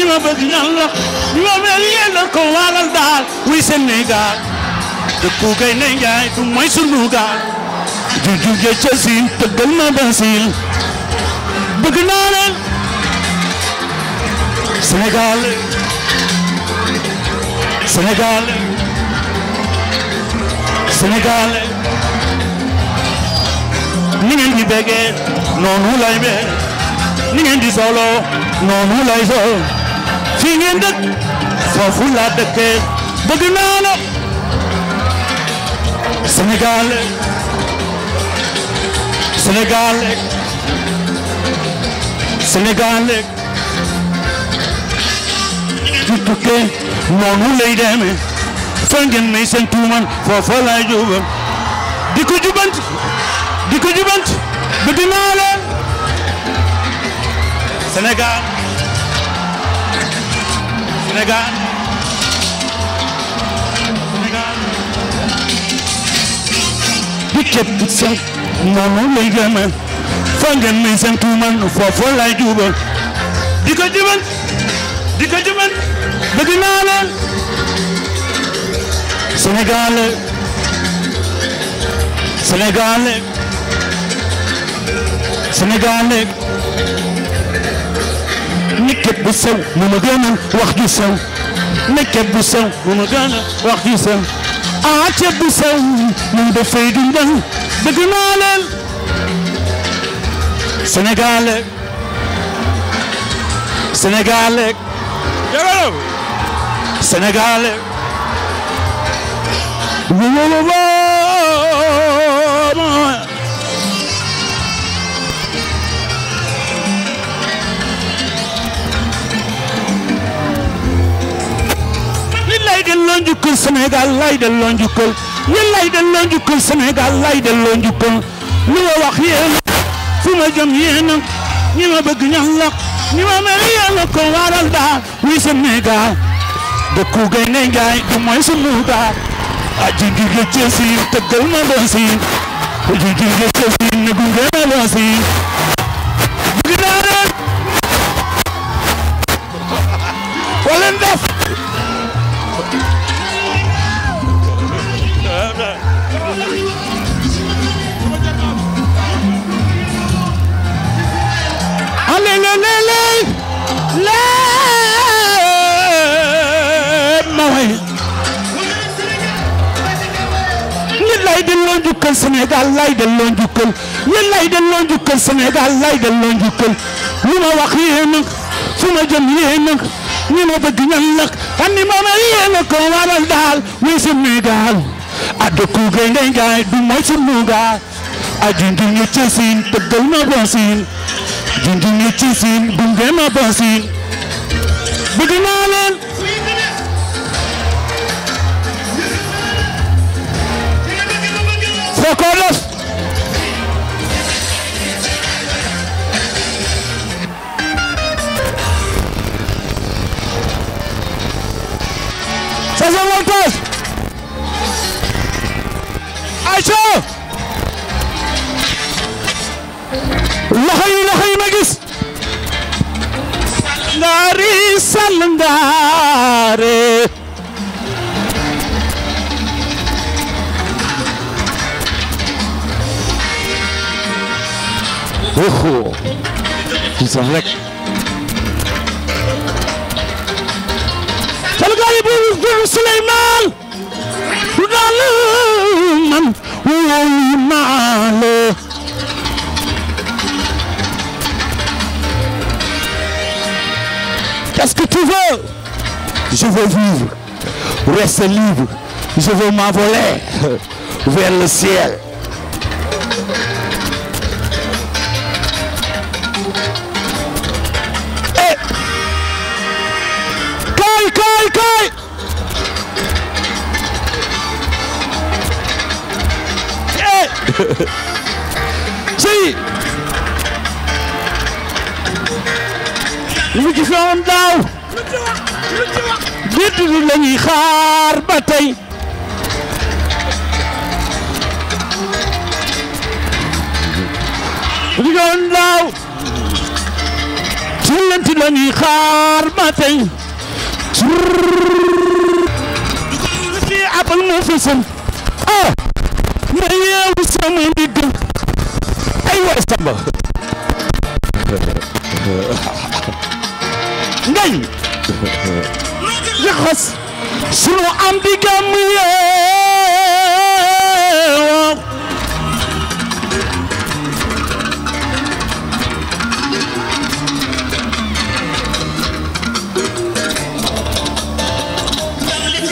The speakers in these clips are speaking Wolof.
ñi ma bëgg ñan la ñi ma mel yéen la ko du mooy sunu gaal ju juge ca siin tëggal ma basil bëgg ni ngeen di béggee noonu lay ni ngeen di solo noonu lay fii ngeen dëkk foofu laa dëkkee bëgg naa la Sénégal Sénégal Sénégal ci tukkee noonu lay demee fa ngeen may seen tuuman foofu laa juba di ko jubant di ko jubant bëgg naa la Sénégal Sénégal Sénégal dikket sen noonu lay deme fa ngeen may seen tuumal foofu lay jubal di ko jubal di ko jubal bëgg naa leen Sénégal nekket bu sew mu ma gënal wax ju sew nekket bu sew mu ma gënal wax ju sew ah ceeb bu sew mu dafay dundal bëgg naa leen Sénégalais Sénégalais jërëjëf Sénégalais wo wo wo lay delloo njukkal Sénégal lay delloo njukkal ñi lay delloo njukkal lu fu ma jëm yéena ñi ma bëgg ñalla ñi ma mel yéena waral daal wi Sénégal dëkku gaynde njaay du mooy sunu daal aji ngi gëcce si tëggal ma doon si aji ngi gëcce si ne gunge ma doon si bëgg naa leen wala ndaf njukkal Sénégal lay delloo njukkal li lay delloo njukkal Sénégal lay delloo njukkal lu ma wax yéen nag fu ma jëm yéen nag ñi ma bëgg ñan nag xam ni moom yéen a ko waral daal muy Sénégal adduku gaynde ngaay du mooy sunu gaal aju ndu ñu cësin tëggal na bon siin junjum na ci siin bunge ma boosin bëgg naa leen foo ko def sa sa wantaas ay loxo yi loxo yi ma gis ngaari sàll tal gaari bu bu Suleymaan du daal man wóolu naa la Qu'est-ce que tu veux? Je veux vivre, rester libre. Je veux m'envoler vers le ciel. Eh! Kay, kay, kay! Eh. lu ci xewoon daaw déedéet bi la ñuy xaar ba tey lu ci xewoon daaw suulanti la ñuy xaar ba tey ci abal moo fi sën ah ma yeewu sama ndigg ay waay samba ngay yaxas sunu am di gàmm yeewoo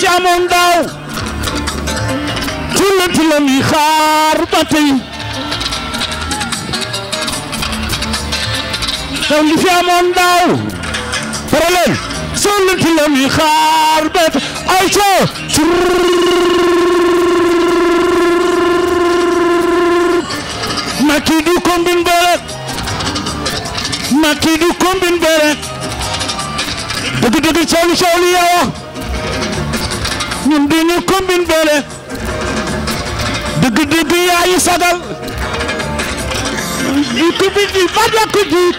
jamoon daaw julliti la mi xaar ba tey Paralel Sollenti lam yi xaar bet Aïcha Macky du combine beret Macky du combine beret dëgg dëgg cawlu cawlu yaa wax ñun du ñu combine beret dëgg dëgg yaa yi sagal yu combine bi ban la ko jiit